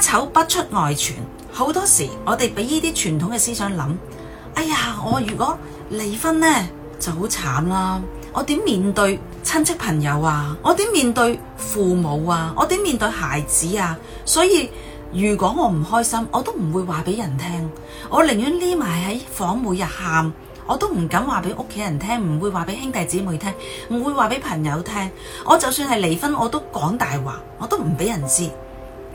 家醜不出外傳，好多時我哋俾呢啲傳統嘅思想諗，哎呀，我如果離婚呢就好慘啦，我點面對親戚朋友啊？我點面對父母啊？我點面對孩子啊？所以如果我唔開心，我都唔會話俾人聽，我寧願匿埋喺房每日喊，我都唔敢話俾屋企人聽，唔會話俾兄弟姊妹聽，唔會話俾朋友聽，我就算係離婚，我都講大話，我都唔俾人知。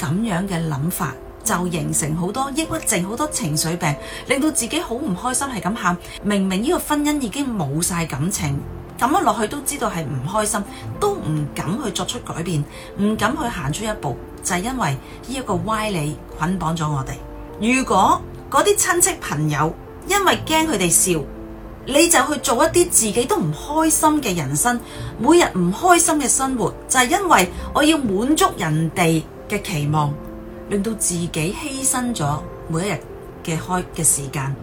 咁樣嘅諗法就形成好多抑鬱症，好多情緒病，令到自己好唔開心，係咁喊。明明呢個婚姻已經冇晒感情，咁樣落去都知道係唔開心，都唔敢去作出改變，唔敢去行出一步，就係因為呢一個歪理捆綁咗我哋。如果嗰啲親戚朋友因為驚佢哋笑，你就去做一啲自己都唔開心嘅人生，每日唔開心嘅生活，就係因為我要滿足人哋嘅期望令到自己犧牲咗每一日嘅開嘅時間，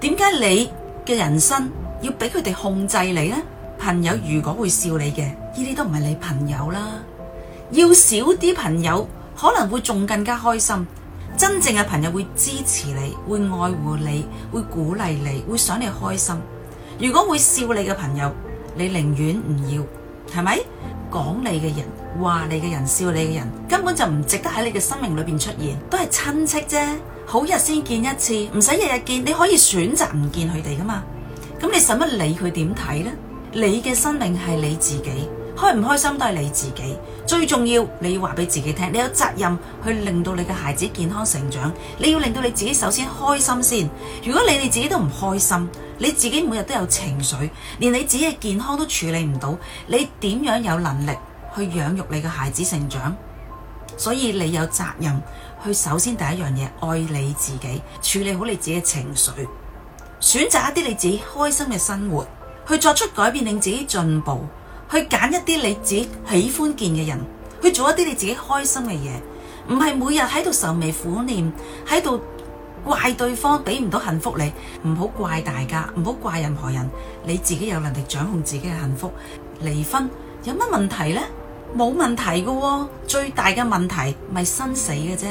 點解你嘅人生要俾佢哋控制你咧？朋友如果會笑你嘅，呢啲都唔係你朋友啦。要少啲朋友，可能會仲更加開心。真正嘅朋友會支持你，會愛護你，會鼓勵你，會想你開心。如果會笑你嘅朋友，你寧願唔要，係咪？講你嘅人，話你嘅人，笑你嘅人，根本就唔值得喺你嘅生命裏邊出現，都係親戚啫，好日先見一次，唔使日日見，你可以選擇唔見佢哋噶嘛，咁你使乜理佢點睇呢？你嘅生命係你自己。開唔開心都係你自己最重要。你要話俾自己聽，你有責任去令到你嘅孩子健康成長。你要令到你自己首先開心先。如果你，你自己都唔開心，你自己每日都有情緒，連你自己嘅健康都處理唔到，你點樣有能力去養育你嘅孩子成長？所以你有責任去首先第一樣嘢愛你自己，處理好你自己嘅情緒，選擇一啲你自己開心嘅生活，去作出改變，令自己進步。去揀一啲你自己喜歡見嘅人，去做一啲你自己開心嘅嘢，唔係每日喺度愁眉苦臉，喺度怪對方俾唔到幸福你，唔好怪大家，唔好怪任何人，你自己有能力掌控自己嘅幸福。離婚有乜問題呢？冇問題嘅喎，最大嘅問題咪生死嘅啫。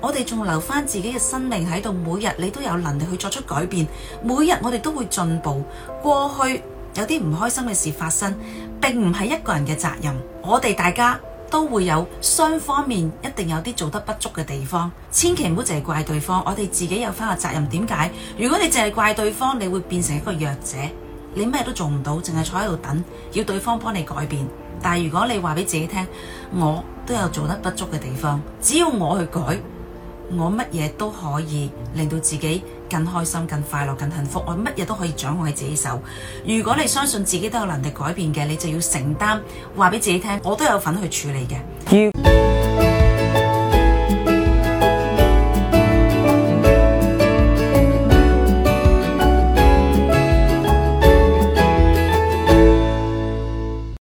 我哋仲留翻自己嘅生命喺度，每日你都有能力去作出改變，每日我哋都會進步。過去。有啲唔開心嘅事發生，並唔係一個人嘅責任。我哋大家都會有雙方面，一定有啲做得不足嘅地方。千祈唔好淨係怪對方，我哋自己有翻個責任。點解？如果你淨係怪對方，你會變成一個弱者，你咩都做唔到，淨係坐喺度等，要對方幫你改變。但係如果你話俾自己聽，我都有做得不足嘅地方，只要我去改，我乜嘢都可以令到自己。更開心、更快樂、更幸福，我乜嘢都可以掌握喺自己手。如果你相信自己都有能力改變嘅，你就要承擔。話俾自己聽，我都有份去處理嘅。